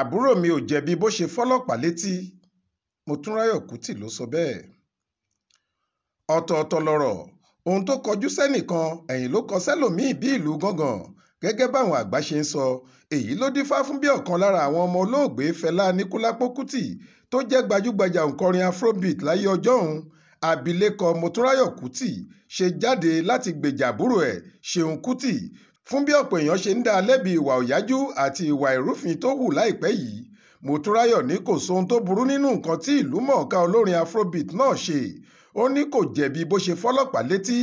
àbúrò mi ò jẹ̀bi bó ṣe fọ́lọ́pàá létí mòtúnráyọ̀ kùtì ló sọ bẹ́ẹ̀ ọ̀tọ̀ọ̀tọ̀ lọ̀rọ̀ ohun tó kọjú sẹ́nìkan ẹ̀yìn ló kọ sẹ́lòmíì bí ìlú gángan gẹ́gẹ́ báwọn àgbà ṣe ń sọ èyí ló dífá fún bí ọ̀kan lára àwọn ọmọ olóògbé Fẹlá Aníkúlápó Kútì tó jẹ́ gbajúgbajà òǹkọrin afrobeat láyé ọjọ́ ọ̀hún abilékọ Motúnráyọ̀ Kútì ṣe jáde láti gbèjà àbúrò ẹ̀ Ṣeun Kútì fún bí ọ̀pọ̀ èèyàn ṣe ń dá lẹ́bi ìwà òyájú àti ìwà ìrúfin tó hù láìpẹ́ yìí Mòtúnráyọ̀ ní kò sóhun tó burú nínú nǹkan tí ìlú mọ̀ọ́ká olórin afrobeat náà ṣe ó ní kò jẹ̀bi bó ṣe fọ́lọ́pàá létí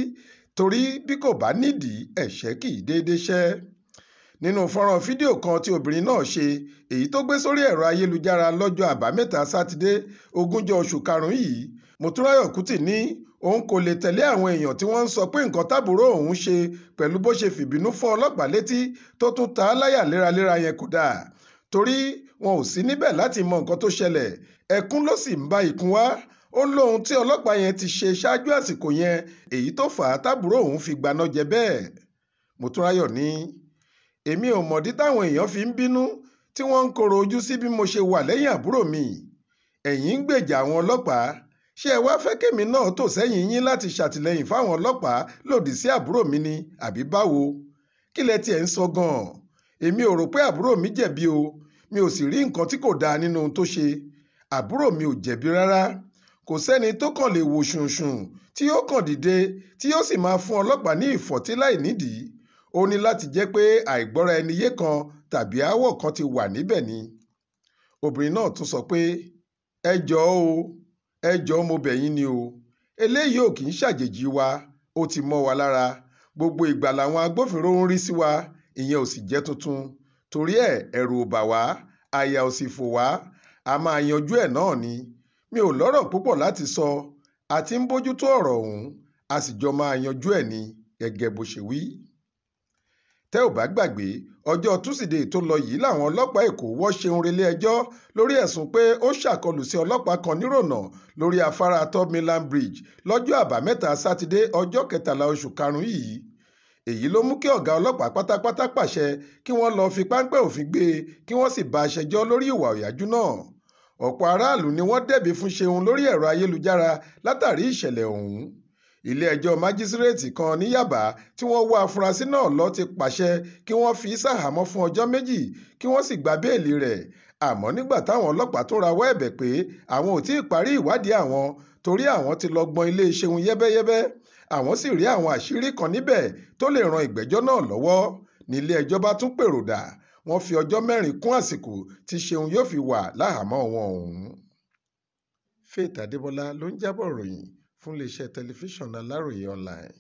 torí bí kò bá nídìí ẹ̀ṣẹ̀ kì í déédéé ṣẹ́ nínú fọ́nrán fídíò kan tí obìnrin náà ṣe èyí tó gbé sórí ẹ̀rọ ayélujára lọ́jọ́ àbámẹ́ta sátidé ogúnjọ́ oṣù karùn-ún yìí Mòtúnráyọ̀ Kútì ní òun kò lè tẹ̀lé àwọn èèyàn tí wọ́n ń sọ pé nǹkan tábúrò òun ṣe pẹ̀lú bó ṣe fìbínú fọ́ ọlọ́pàá létí tó tún ta á láyà léraléra yẹn kò dáa torí wọn ò sí níbẹ̀ láti mọ nǹkan tó ṣẹlẹ̀ ẹkún ló sì ń ba ìkún wá ó lóhun tí ọlọ́pàá yẹn ti ṣe ṣáájú àsìkò yẹn èyí tó fà á tábúrò òun fi gbaná jẹ bẹ́ẹ̀ mòtúnráyọ̀ ní èmi ò mọ̀dí táwọn èèyàn fi ń bínú tí wọ́n ń koro ojú sí bí mo ṣe wà lẹ́yìn àbúrò mi ẹ̀yìn ń gbèjà àwọn ọlọ́pàá ṣé ẹ wá fẹ́ kémi náà tò sẹ́yìn yín láti ṣàtìlẹ́yìn fáwọn ọlọ́pàá lòdì sí àbúrò mi ni àbí báwo kí lẹ tiẹ̀ ń sọ gan-an èmi ò rò pé àbúrò mi jẹ̀bi o mi ò sì rí nǹkan tí kò dáa nínú ohun tó ṣe àbúrò mi ò jẹ̀bi rárá kò sẹ́ni tó kàn lè wò ṣùnṣùn tí yóò kàn dìde tí yóò sì máa fún ọlọ́pàá ní ìfọ̀tí láì nídìí ó ní láti jẹ́ pé àìgbọ́ra ẹni yé kan tàbí aáwọ̀ kan ti wà níbẹ̀ ni obìnrin náà tún sọ pé ẹ jọ̀ọ́ o ẹ jọ̀ọ́ mo bẹ̀ yín ni o eléyìí ò kì í ṣàjèjì wa ó ti mọ́ wa lára gbogbo ìgbà làwọn agbófinró ń rí sí wa ìyẹn ò sì jẹ́ tuntun torí ẹ̀ ẹ̀rù ò bà wá àyà ò sì fò wá a máa yanjú ẹ̀ náà ni mi ò lọ́rọ̀ púpọ̀ láti sọ a ń bójútó ọ̀rọ̀ ọ̀hún a sì jọ máa yanjú ẹ̀ ni gẹ́gẹ́ bó ṣe wí tẹ́ ò bá gbàgbé ọjọ́ túsìdeè tó lọ yìí làwọn ọlọ́pàá èkó wọ́ ṣeun relé ẹjọ́ lórí ẹ̀sùn pé ó ṣàkọlù sí ọlọ́pàá kan nírònà lórí afárá top milan bridge lọ́jọ́ àbámẹ́ta sátidé ọjọ́ kẹtàlá oṣù karùn-ún yìí èyí ló mú kí ọ̀gá ọlọ́pàá pátápátá pàṣẹ kí wọ́n lọ́ọ́ fi páńpẹ́ òfin gbé e kí wọ́n sì bá a ṣẹjọ́ lórí ìwà ọ̀yájú náà ọ̀pọ̀ aráàlú ni wọ́n dẹ̀bi fún ṣeun lórí ẹ̀rọ ayélujára látàrí ìṣẹ̀lẹ̀ ọ̀hún ilé-ẹjọ́ májísírèètì kan ní yaba, tí wọ́n wọ́ afurasí náà lọ ti pàṣẹ kí wọ́n fi í ṣàhámọ́ fún ọjọ́ méjì kí wọ́n sì gba béèlì rẹ̀ àmọ́ nígbà táwọn ọlọ́pàá tó rawọ́ ẹ̀bẹ̀ pé àwọn ò tí ì parí ìwádìí àwọn torí àwọn ti lọ gbọn ilé Ṣeun yẹ́bẹ́yẹ́bẹ́ àwọn sì rí àwọn àṣírí kan níbẹ̀ tó lè ran ìgbẹ́jọ́ náà lọ́wọ́ nílé ẹjọ́ bá tún pèròdà wọ́n fi ọjọ́ mẹ́rin kún àsìkò tí Ṣeun yóò fi wà láhàámọ́ wọn ọ̀hún fún iléeṣẹ́ tẹlifíṣàn aláròye online